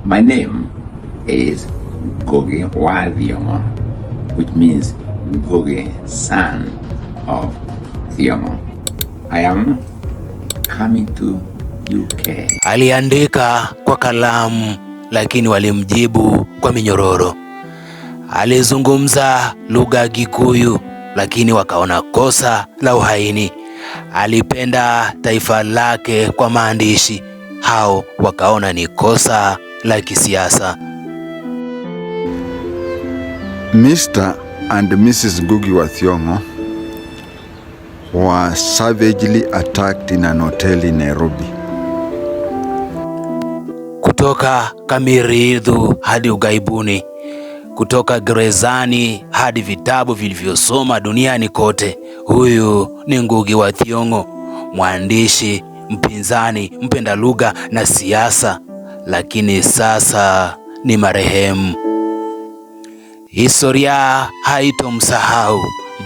My name is Gogi Wadiomo, which means Gogi, son of Thiomo. I am coming to UK. Aliandika kwa kalamu lakini walimjibu kwa minyororo. Alizungumza lugha ya Gikuyu lakini wakaona kosa la uhaini. Alipenda taifa lake kwa maandishi, hao wakaona ni kosa la kisiasa. Mr and Mrs Ngugi wa Thiong'o were savagely attacked in an hotel in Nairobi. Kutoka Kamiridhu hadi ugaibuni, kutoka gerezani hadi vitabu vilivyosoma duniani kote. Huyu ni Ngugi wa Thiong'o, mwandishi mpinzani, mpenda lugha na siasa lakini sasa ni marehemu. Historia haitomsahau.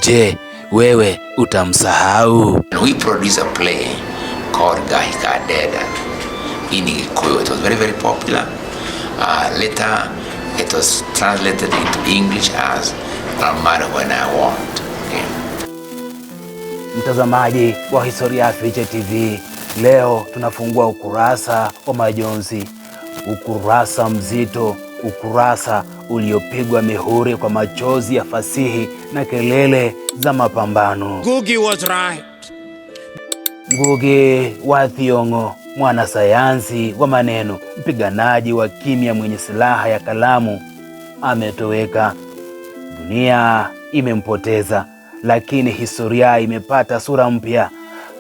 Je, wewe utamsahau? We produce a play called Gaika Dada in Kikuyu. It was very very popular. Uh, later it was translated into English as No matter when I want. Okay. Mtazamaji wa Historia Fiche TV, leo tunafungua ukurasa wa majonzi ukurasa mzito, ukurasa uliopigwa mihuri kwa machozi ya fasihi na kelele za mapambano. Ngugi was right. Ngugi wa Thiong'o, mwanasayansi wa maneno, mpiganaji wa kimya mwenye silaha ya kalamu, ametoweka. Dunia imempoteza, lakini historia imepata sura mpya,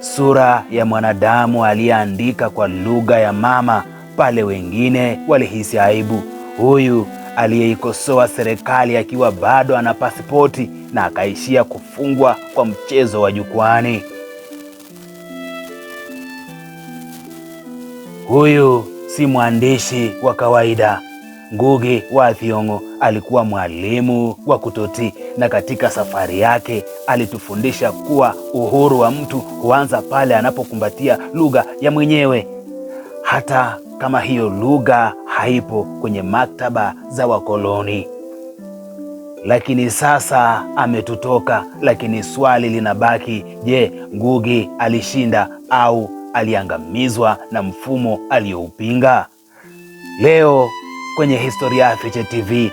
sura ya mwanadamu aliyeandika kwa lugha ya mama pale wengine walihisi aibu. Huyu aliyeikosoa serikali akiwa bado ana pasipoti na akaishia kufungwa kwa mchezo wa jukwani. Huyu si mwandishi wa kawaida. Ngugi wa Thiong'o alikuwa mwalimu wa kutoti, na katika safari yake alitufundisha kuwa uhuru wa mtu huanza pale anapokumbatia lugha ya mwenyewe hata kama hiyo lugha haipo kwenye maktaba za wakoloni. Lakini sasa ametutoka, lakini swali linabaki, je, Ngugi alishinda au aliangamizwa na mfumo aliyoupinga? Leo kwenye Historia Fiche TV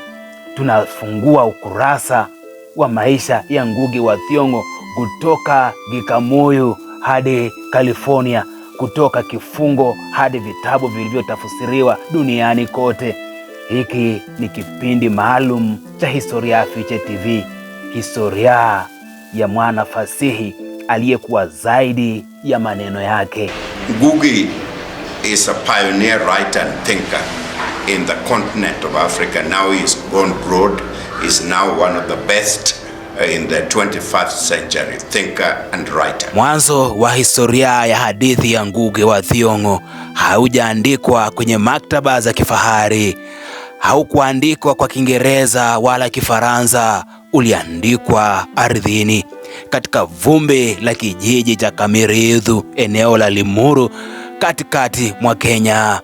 tunafungua ukurasa wa maisha ya Ngugi wa Thiong'o kutoka Gikamuyu hadi California kutoka kifungo hadi vitabu vilivyotafsiriwa duniani kote. Hiki ni kipindi maalum cha Historia Fiche TV, historia ya mwana fasihi aliyekuwa zaidi ya maneno yake. Ngugi is a pioneer writer and thinker in the continent of Africa. Now he is gone broad, is now one of the best Uh, in the 21st century thinker and writer. Mwanzo wa historia ya hadithi ya Ngugi wa Thiong'o haujaandikwa kwenye maktaba za kifahari, haukuandikwa kwa Kiingereza wala Kifaransa, uliandikwa ardhini katika vumbi la kijiji cha Kamiridhu, eneo la Limuru, katikati mwa Kenya.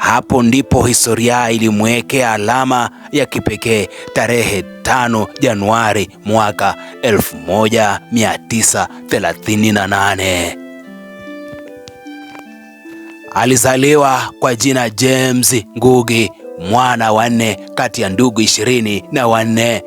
Hapo ndipo historia ilimwekea alama ya kipekee tarehe 5 Januari mwaka 1938. Alizaliwa kwa jina James Ngugi, mwana wa nne kati ya ndugu ishirini na wanne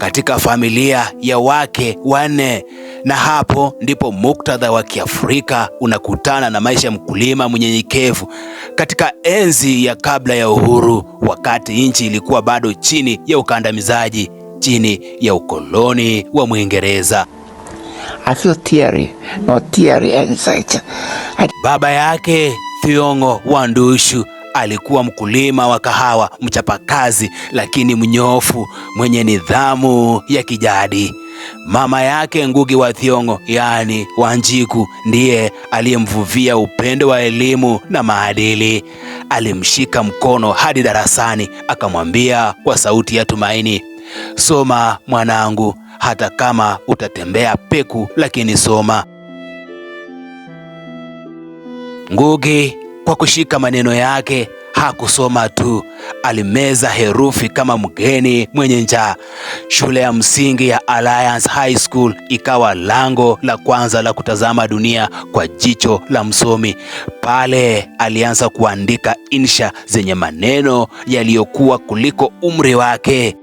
katika familia ya wake wanne, na hapo ndipo muktadha wa Kiafrika unakutana na maisha ya mkulima mnyenyekevu katika enzi ya kabla ya uhuru, wakati nchi ilikuwa bado chini ya ukandamizaji, chini ya ukoloni wa Mwingereza. baba yake Thiongo wa Alikuwa mkulima wa kahawa, mchapakazi lakini mnyofu, mwenye nidhamu ya kijadi. Mama yake Ngugi wa Thiong'o, yaani Wanjiku, ndiye aliyemvuvia upendo wa elimu na maadili. Alimshika mkono hadi darasani, akamwambia kwa sauti ya tumaini, soma mwanangu, hata kama utatembea peku, lakini soma. Ngugi kwa kushika maneno yake hakusoma tu, alimeza herufi kama mgeni mwenye njaa. Shule ya msingi ya Alliance High School ikawa lango la kwanza la kutazama dunia kwa jicho la msomi. Pale alianza kuandika insha zenye maneno yaliyokuwa kuliko umri wake.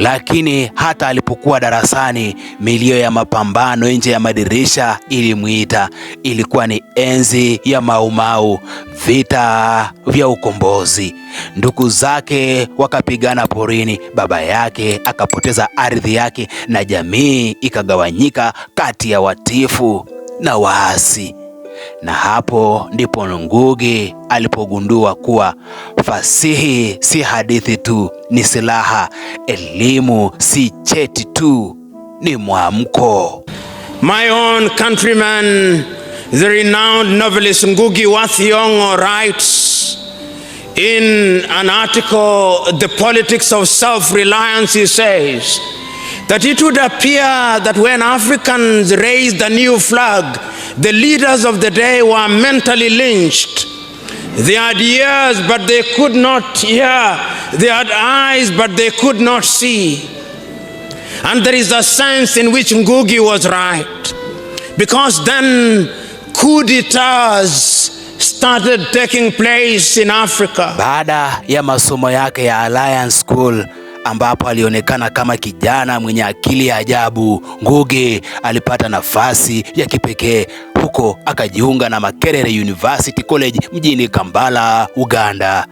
Lakini hata alipokuwa darasani, milio ya mapambano nje ya madirisha ilimwita. Ilikuwa ni enzi ya Maumau, vita vya ukombozi. Ndugu zake wakapigana porini, baba yake akapoteza ardhi yake, na jamii ikagawanyika kati ya watifu na waasi na hapo ndipo Ngugi alipogundua kuwa fasihi si hadithi tu, ni silaha. Elimu si cheti tu, ni mwamko. My own countryman the renowned novelist Ngugi wa Thiong'o writes in an article The Politics of Self-Reliance he says that it would appear that when Africans raised the new flag The leaders of the day were mentally lynched. They had ears, but they could not hear. They had eyes, but they could not see. And there is a sense in which Ngugi was right. Because then coup d'etats started taking place in Africa. Baada ya masomo yake ya Alliance School ambapo alionekana kama kijana mwenye akili ya ajabu. Nguge alipata nafasi ya kipekee huko, akajiunga na Makerere University College mjini Kampala, Uganda.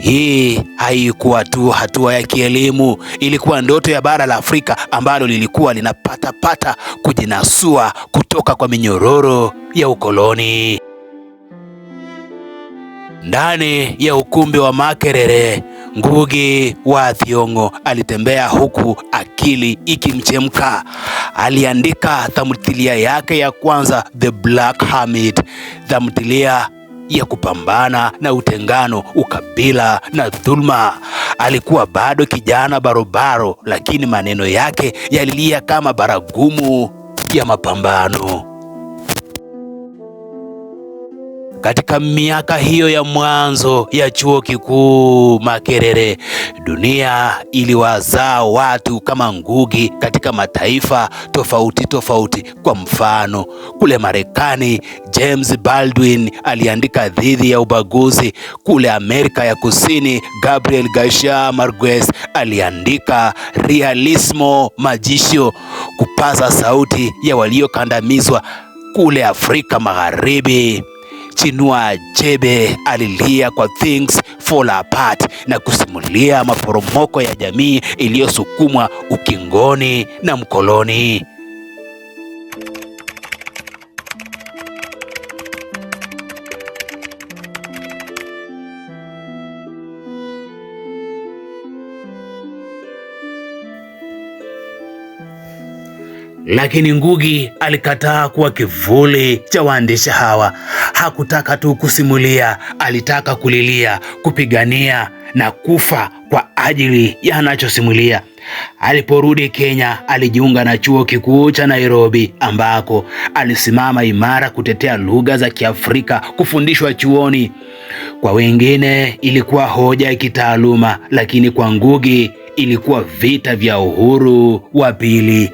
Hii haikuwa tu hatua ya kielimu, ilikuwa ndoto ya bara la Afrika ambalo lilikuwa linapatapata kujinasua kutoka kwa minyororo ya ukoloni. Ndani ya ukumbi wa Makerere Ngugi wa Thiong'o alitembea huku akili ikimchemka. Aliandika tamthilia yake ya kwanza The Black Hermit, tamthilia ya kupambana na utengano, ukabila na dhulma. Alikuwa bado kijana barobaro, lakini maneno yake yalilia kama baragumu ya mapambano. Katika miaka hiyo ya mwanzo ya chuo kikuu Makerere, dunia iliwazaa watu kama ngugi katika mataifa tofauti tofauti. Kwa mfano, kule Marekani James Baldwin aliandika dhidi ya ubaguzi. Kule Amerika ya Kusini Gabriel Garcia Marquez aliandika realismo majisho, kupaza sauti ya waliokandamizwa. Kule Afrika Magharibi Chinua Achebe alilia kwa Things Fall Apart na kusimulia maporomoko ya jamii iliyosukumwa ukingoni na mkoloni. Lakini Ngugi alikataa kuwa kivuli cha waandishi hawa. Hakutaka tu kusimulia, alitaka kulilia, kupigania na kufa kwa ajili ya anachosimulia. Aliporudi Kenya, alijiunga na chuo kikuu cha Nairobi ambako alisimama imara kutetea lugha za Kiafrika kufundishwa chuoni. Kwa wengine ilikuwa hoja ya kitaaluma, lakini kwa Ngugi ilikuwa vita vya uhuru wa pili.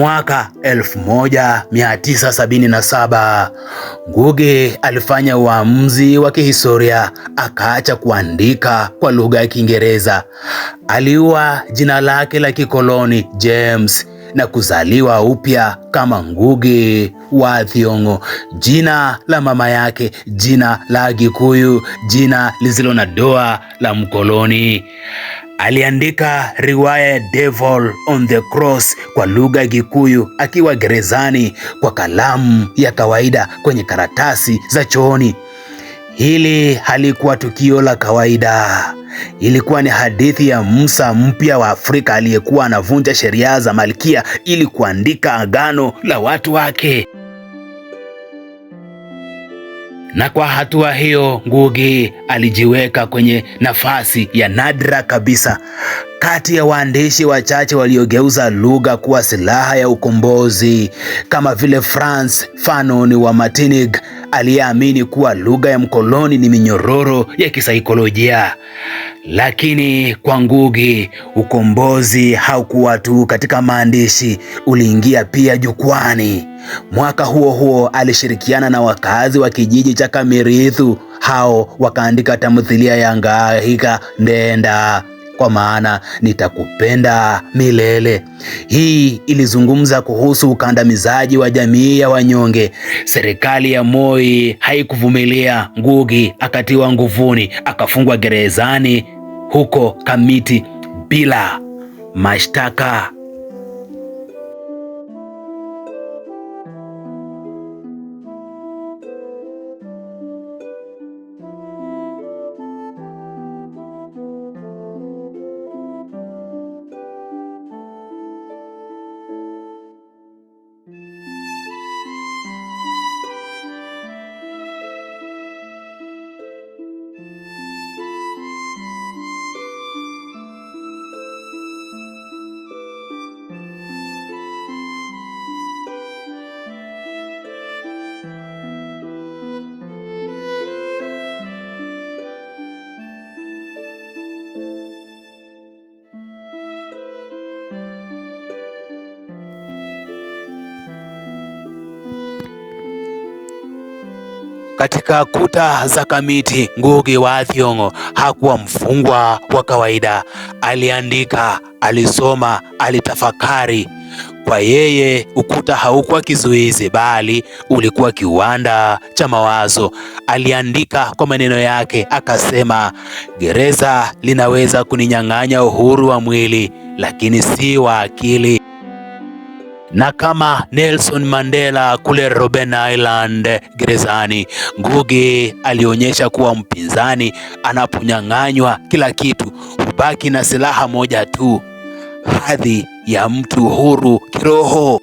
Mwaka 1977 Nguge alifanya uamuzi wa kihistoria, akaacha kuandika kwa lugha ya Kiingereza. Aliua jina lake la kikoloni James na kuzaliwa upya kama Nguge wa Thiong'o, jina la mama yake, jina la Gikuyu, jina lisilo na doa la mkoloni. Aliandika riwaya Devil on the Cross kwa lugha ya Kikuyu akiwa gerezani kwa kalamu ya kawaida kwenye karatasi za chooni. Hili halikuwa tukio la kawaida. Ilikuwa ni hadithi ya Musa mpya wa Afrika aliyekuwa anavunja sheria za Malkia ili kuandika agano la watu wake na kwa hatua hiyo Ngugi alijiweka kwenye nafasi ya nadra kabisa kati ya waandishi wachache waliogeuza lugha kuwa silaha ya ukombozi kama vile Franz Fanon wa Martinique aliyeamini kuwa lugha ya mkoloni ni minyororo ya kisaikolojia. Lakini kwa Ngugi, ukombozi haukuwa tu katika maandishi, uliingia pia jukwani. Mwaka huo huo alishirikiana na wakazi wa kijiji cha Kamirithu, hao wakaandika tamthilia ya Ngahika Ndenda kwa maana nitakupenda milele. Hii ilizungumza kuhusu ukandamizaji wa jamii ya wanyonge. Serikali ya Moi haikuvumilia. Ngugi akatiwa nguvuni, akafungwa gerezani huko Kamiti bila mashtaka. katika kuta za Kamiti, Ngugi wa Thiong'o hakuwa mfungwa wa kawaida. Aliandika, alisoma, alitafakari. Kwa yeye ukuta haukuwa kizuizi, bali ulikuwa kiwanda cha mawazo. Aliandika kwa maneno yake, akasema, gereza linaweza kuninyang'anya uhuru wa mwili, lakini si wa akili na kama Nelson Mandela kule Robben Island gerezani, Ngugi alionyesha kuwa mpinzani anaponyang'anywa kila kitu hubaki na silaha moja tu, hadhi ya mtu huru kiroho.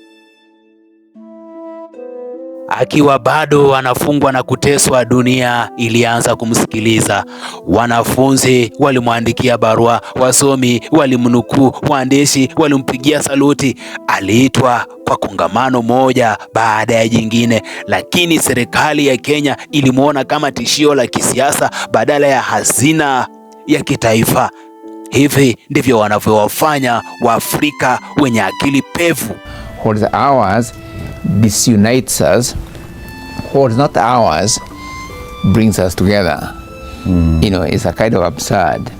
Akiwa bado anafungwa na kuteswa, dunia ilianza kumsikiliza. Wanafunzi walimwandikia barua, wasomi walimnukuu, waandishi walimpigia saluti. Aliitwa kwa kongamano moja baada ya jingine, lakini serikali ya Kenya ilimwona kama tishio la kisiasa badala ya hazina ya kitaifa. Hivi ndivyo wanavyowafanya Waafrika wenye akili pevu. hours disunites us, what is not ours brings us together. Mm. You know, it's a kind of absurd.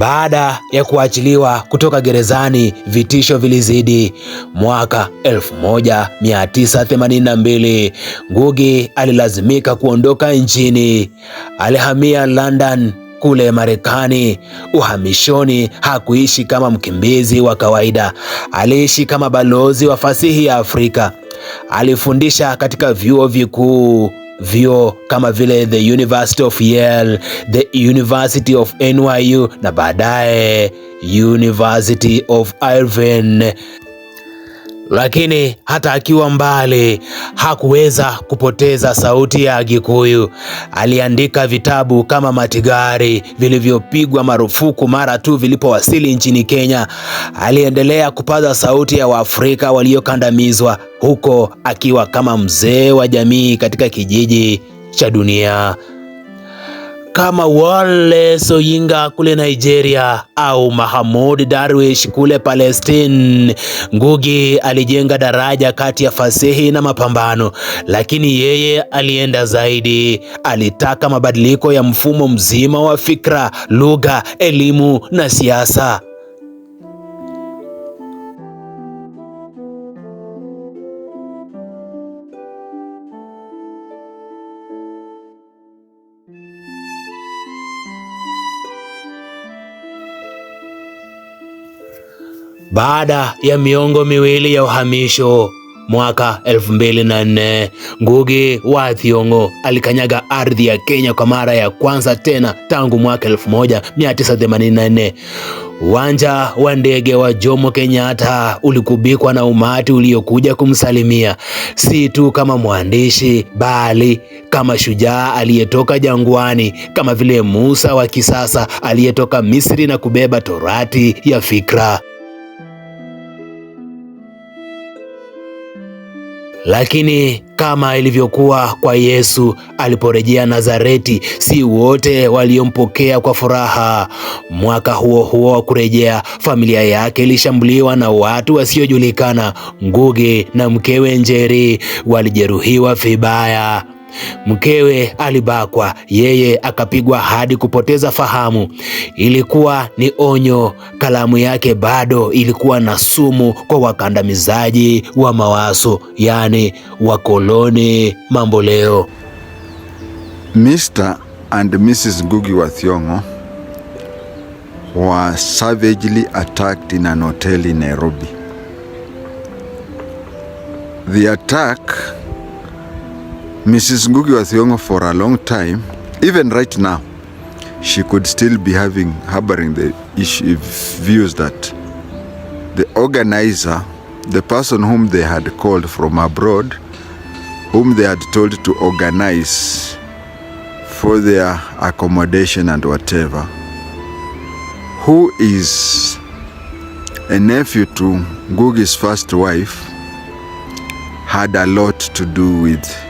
Baada ya kuachiliwa kutoka gerezani, vitisho vilizidi. Mwaka 1982 Ngugi alilazimika kuondoka nchini, alihamia London kule Marekani uhamishoni. Hakuishi kama mkimbizi wa kawaida, aliishi kama balozi wa fasihi ya Afrika. Alifundisha katika vyuo vikuu vyuo kama vile the University of Yale, the University of NYU na baadaye University of Irvine lakini hata akiwa mbali hakuweza kupoteza sauti ya Gikuyu. Aliandika vitabu kama Matigari vilivyopigwa marufuku mara tu vilipowasili nchini Kenya. Aliendelea kupaza sauti ya Waafrika waliokandamizwa huko akiwa kama mzee wa jamii katika kijiji cha dunia kama wale Soyinka kule Nigeria au Mahamud Darwish kule Palestine. Ngugi alijenga daraja kati ya fasihi na mapambano, lakini yeye alienda zaidi. Alitaka mabadiliko ya mfumo mzima wa fikra, lugha, elimu na siasa. Baada ya miongo miwili ya uhamisho mwaka 2004 Ngugi wa Thiong'o alikanyaga ardhi ya Kenya kwa mara ya kwanza tena tangu mwaka 1984. Uwanja wa ndege wa Jomo Kenyatta ulikubikwa na umati uliokuja kumsalimia, si tu kama mwandishi, bali kama shujaa aliyetoka jangwani, kama vile Musa wa kisasa aliyetoka Misri na kubeba torati ya fikra. Lakini kama ilivyokuwa kwa Yesu aliporejea Nazareti, si wote waliompokea kwa furaha. Mwaka huo huo wa kurejea, familia yake ilishambuliwa na watu wasiojulikana. Ngugi na mkewe Njeri walijeruhiwa vibaya. Mkewe alibakwa, yeye akapigwa hadi kupoteza fahamu. Ilikuwa ni onyo, kalamu yake bado ilikuwa na sumu kwa wakandamizaji wa mawaso, yaani wakoloni mamboleo. Mr and Mrs Ngugi wa Thiong'o were savagely attacked in an hotel in Nairobi. The attack Mrs. Ngugi wa Thiong'o for a long time, even right now, she could still be having harboring the issue, views that the organizer, the person whom they had called from abroad, whom they had told to organize for their accommodation and whatever, who is a nephew to Ngugi's first wife, had a lot to do with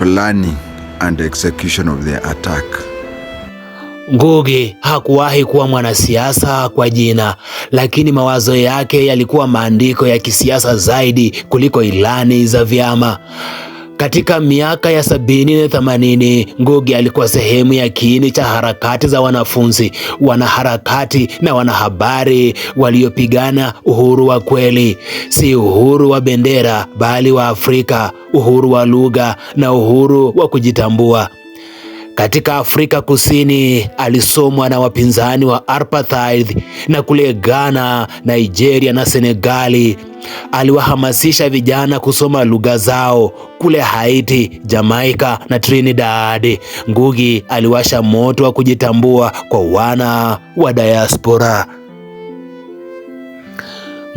planning and execution of their attack. Ngugi hakuwahi kuwa mwanasiasa kwa jina, lakini mawazo yake yalikuwa maandiko ya kisiasa zaidi kuliko ilani za vyama. Katika miaka ya sabini na themanini, Ngugi alikuwa sehemu ya kiini cha harakati za wanafunzi, wanaharakati na wanahabari waliopigana uhuru wa kweli, si uhuru wa bendera bali wa Afrika, uhuru wa lugha na uhuru wa kujitambua. Katika Afrika Kusini alisomwa na wapinzani wa apartheid na kule Ghana, Nigeria na Senegali aliwahamasisha vijana kusoma lugha zao kule Haiti, Jamaika na Trinidad. Ngugi aliwasha moto wa kujitambua kwa wana wa diaspora.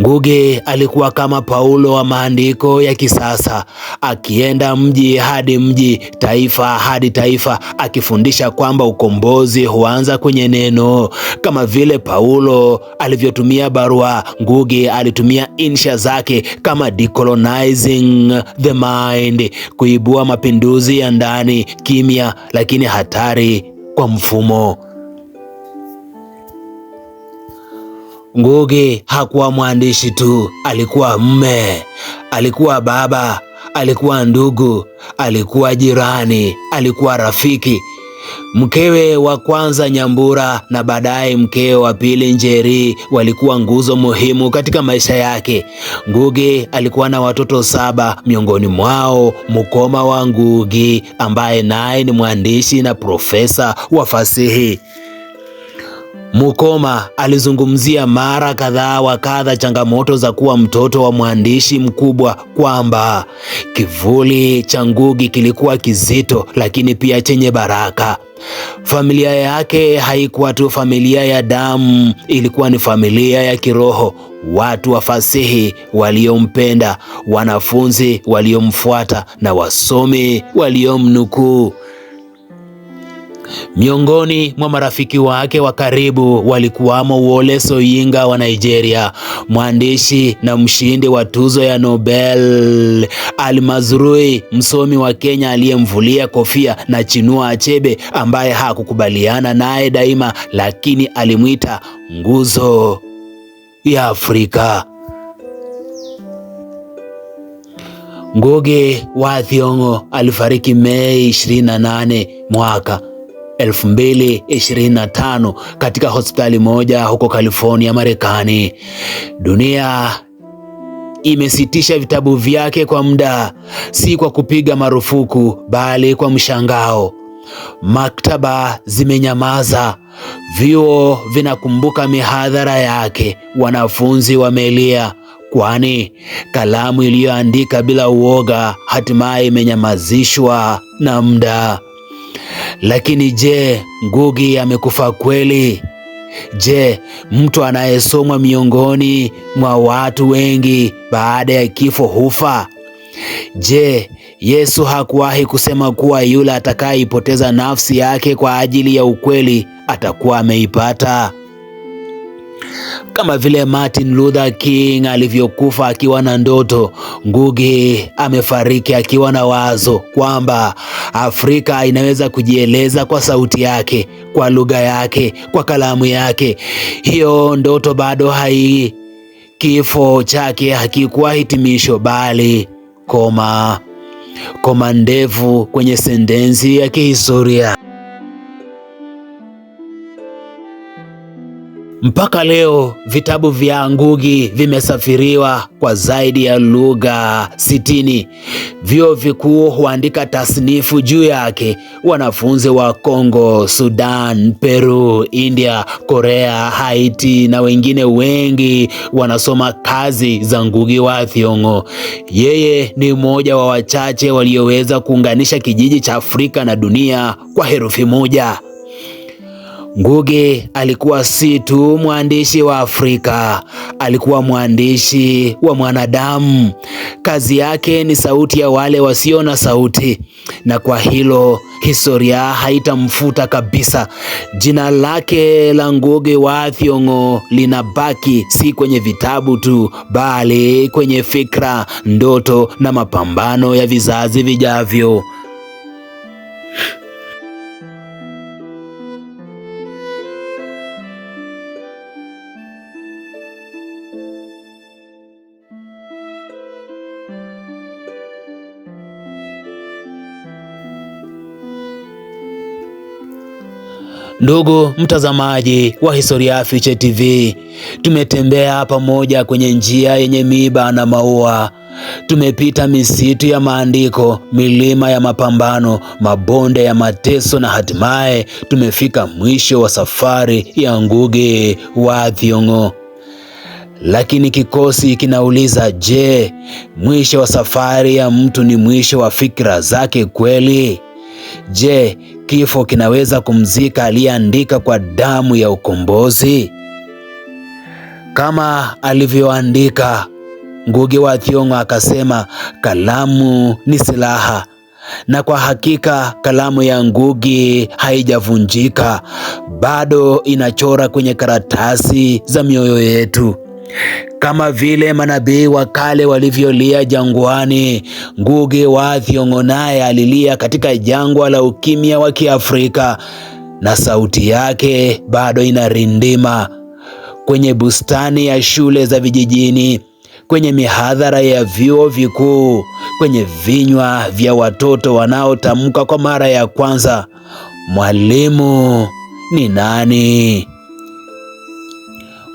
Nguge alikuwa kama Paulo wa maandiko ya kisasa, akienda mji hadi mji, taifa hadi taifa, akifundisha kwamba ukombozi huanza kwenye neno. Kama vile Paulo alivyotumia barua, Nguge alitumia insha zake kama decolonizing the mind, kuibua mapinduzi ya ndani kimya, lakini hatari kwa mfumo. Ngugi hakuwa mwandishi tu, alikuwa mme, alikuwa baba, alikuwa ndugu, alikuwa jirani, alikuwa rafiki. Mkewe wa kwanza Nyambura na baadaye mkewe wa pili Njeri walikuwa nguzo muhimu katika maisha yake. Ngugi alikuwa na watoto saba, miongoni mwao mkoma wa Ngugi ambaye naye ni mwandishi na profesa wa fasihi. Mukoma alizungumzia mara kadhaa wa kadha changamoto za kuwa mtoto wa mwandishi mkubwa, kwamba kivuli cha Ngugi kilikuwa kizito lakini pia chenye baraka. Familia yake haikuwa tu familia ya damu, ilikuwa ni familia ya kiroho, watu wa fasihi waliompenda, wanafunzi waliomfuata na wasomi waliomnukuu. Miongoni mwa marafiki wake wa karibu walikuwamo Wole Soyinka wa Nigeria, mwandishi na mshindi wa tuzo ya Nobel, Almazrui, msomi wa Kenya aliyemvulia kofia, na Chinua Achebe ambaye hakukubaliana naye daima, lakini alimwita nguzo ya Afrika. Ngugi wa Thiong'o alifariki Mei 28 mwaka 2025 katika hospitali moja huko California, Marekani. Dunia imesitisha vitabu vyake kwa muda, si kwa kupiga marufuku, bali kwa mshangao. Maktaba zimenyamaza, vyuo vinakumbuka mihadhara yake, wanafunzi wamelia, kwani kalamu iliyoandika bila uoga hatimaye imenyamazishwa na muda. Lakini je, Ngugi amekufa kweli? Je, mtu anayesomwa miongoni mwa watu wengi baada ya kifo hufa? Je, Yesu hakuwahi kusema kuwa yule atakayeipoteza nafsi yake kwa ajili ya ukweli atakuwa ameipata? kama vile Martin Luther King alivyokufa akiwa na ndoto, Ngugi amefariki akiwa na wazo kwamba Afrika inaweza kujieleza kwa sauti yake, kwa lugha yake, kwa kalamu yake. Hiyo ndoto bado hai, kifo chake hakikuwa hitimisho, bali koma, koma ndefu kwenye sentensi ya kihistoria. Mpaka leo vitabu vya Ngugi vimesafiriwa kwa zaidi ya lugha sitini. Vyuo vikuu huandika tasnifu juu yake. Wanafunzi wa Kongo, Sudan, Peru, India, Korea, Haiti na wengine wengi wanasoma kazi za Ngugi wa Thiong'o. Yeye ni mmoja wa wachache walioweza kuunganisha kijiji cha Afrika na dunia kwa herufi moja. Nguge alikuwa si tu mwandishi wa Afrika, alikuwa mwandishi wa mwanadamu. Kazi yake ni sauti ya wale wasio na sauti, na kwa hilo historia haitamfuta kabisa. Jina lake la Ngugi wa Thiong'o linabaki si kwenye vitabu tu, bali kwenye fikra, ndoto na mapambano ya vizazi vijavyo. Ndugu mtazamaji wa Historia Fiche TV, tumetembea pamoja kwenye njia yenye miiba na maua. Tumepita misitu ya maandiko, milima ya mapambano, mabonde ya mateso na hatimaye tumefika mwisho wa safari ya Ngugi wa Thiong'o. Lakini kikosi kinauliza, je, mwisho wa safari ya mtu ni mwisho wa fikra zake kweli? Je, kifo kinaweza kumzika aliyeandika kwa damu ya ukombozi? Kama alivyoandika Ngugi wa Thiong'o akasema, kalamu ni silaha, na kwa hakika kalamu ya Ngugi haijavunjika, bado inachora kwenye karatasi za mioyo yetu kama vile manabii wa kale walivyolia jangwani, Ngugi wa Thiong'o naye alilia katika jangwa la ukimya wa Kiafrika, na sauti yake bado inarindima kwenye bustani ya shule za vijijini, kwenye mihadhara ya vyuo vikuu, kwenye vinywa vya watoto wanaotamka kwa mara ya kwanza, mwalimu ni nani?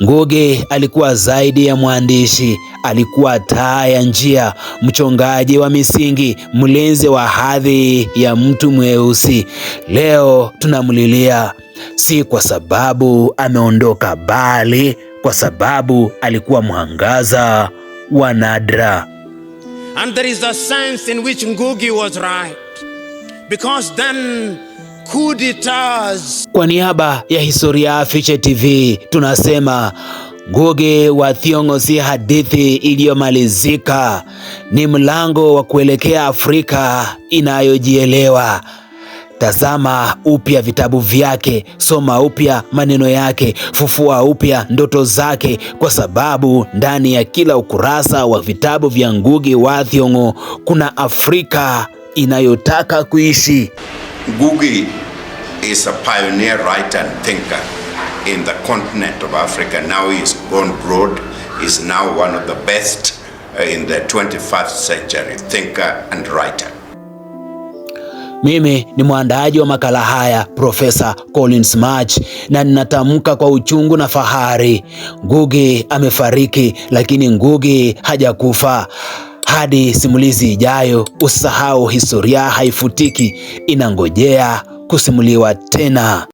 Nguge alikuwa zaidi ya mwandishi, alikuwa taa ya njia, mchongaji wa misingi, mlinzi wa hadhi ya mtu mweusi. Leo tunamlilia si kwa sababu ameondoka, bali kwa sababu alikuwa mwangaza wa nadra. And there is a sense in which Ngugi was right because then kwa niaba ya Historia Fiche TV tunasema Ngugi wa Thiong'o si hadithi iliyomalizika, ni mlango wa kuelekea Afrika inayojielewa. Tazama upya vitabu vyake, soma upya maneno yake, fufua upya ndoto zake, kwa sababu ndani ya kila ukurasa wa vitabu vya Ngugi wa Thiong'o kuna Afrika inayotaka kuishi. Ngugi is a pioneer writer and thinker in the continent of Africa. Now he's gone broad, he's now one of the best uh, in the 21st century thinker and writer. Mimi ni mwandaaji wa makala haya Profesa Collins March, na ninatamka kwa uchungu na fahari, Ngugi amefariki, lakini Ngugi hajakufa. Hadi simulizi ijayo, usahau historia haifutiki, inangojea kusimuliwa tena.